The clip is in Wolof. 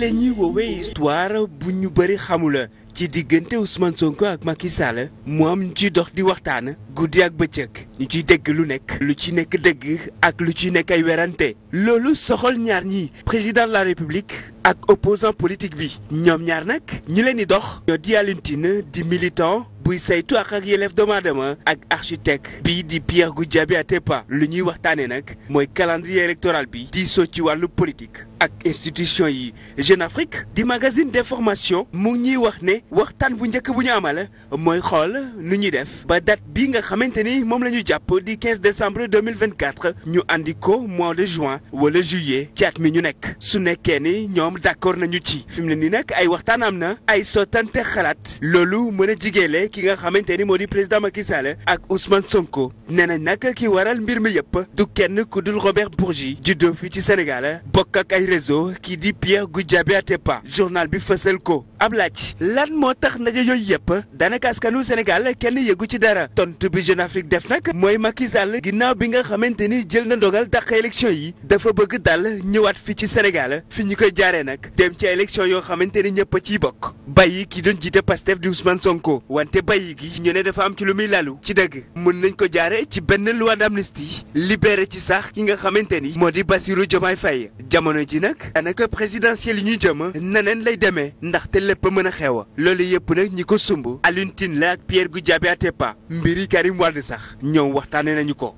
la ñuy woowee histoire bu ñu bëri xamula ci diggante Ousmane Sonko ak Macky Sall mu am ñu ciy dox di waxtaan guddi ak bëccëg ñu ciy dégg lu nekk lu ci nekk dëgg ak lu ci nekk ay werante loolu soxol ñaar ñi président de la république ak opposant politique bi ñoom ñaar nag ñu leen di dox ñoo di Alioune di militant buy saytu ak ak yelleef doomu aadama ak architecte bi di Pierre Goudiaby Atepa lu ñuy waxtaanee nag mooy calendrier électoral bi di soo ci wàllu politique ak institution yi Jeune Afrique di magazine waxtaan bu njëkk bu ñu amal mooy xool nu ñuy def ba date bi nga xamante ni moom la ñu jàpp di 15 décembre 2024 ñu indi ko mois de juin wala juillet ci at mi ñu nekk su nekkee ni ñoom d'accord nañu ci fi mu ne nii nag ay waxtaan am na ay sottante xalaat loolu mën a jigéele ki nga xamante ni moo di président Macky Sall ak Ousmane Sonko nee nañ nag ki waral mbir mi yëpp du kenn ku dul Robert Bourgi juddoo fi ci Sénégal bokk ak ay réseau kii di Pierre Goudiaby pa journal bi fësal ko ab laaj lan moo tax ndaje yooyu yëpp daanaka askanu Sénégal kenn yëgu ci dara tont bi Jeune Afrique def nag mooy Macky Sall ginnaaw bi nga xamante ni jël na dogal daq election yi dafa bëgg dal ñëwaat fi ci Sénégal fi ñu koy jaaree nag dem ci élection yoo xamante ni ñëpp a ciy bokk bàyyi ki doon jiite Pastef di Ousmane Sonko wante bàyyi gi ñu ne dafa am ci lu muy lalu ci dëgg mën nañ ko jaare ci benn loi d'amnistie libéré ci sax ki nga xamante ni moo di Bassirou Diomaye Faye jamono ji nag anaka présidentielle yi ñu jëm naneen lay demee ndaxte lépp mën a xew a loolu yëpp nag ñi ko sumb Alioune Tine la ak Pierre Goudiaby Atepa mbiri Karim Wade sax ñoom waxtaane nañu ko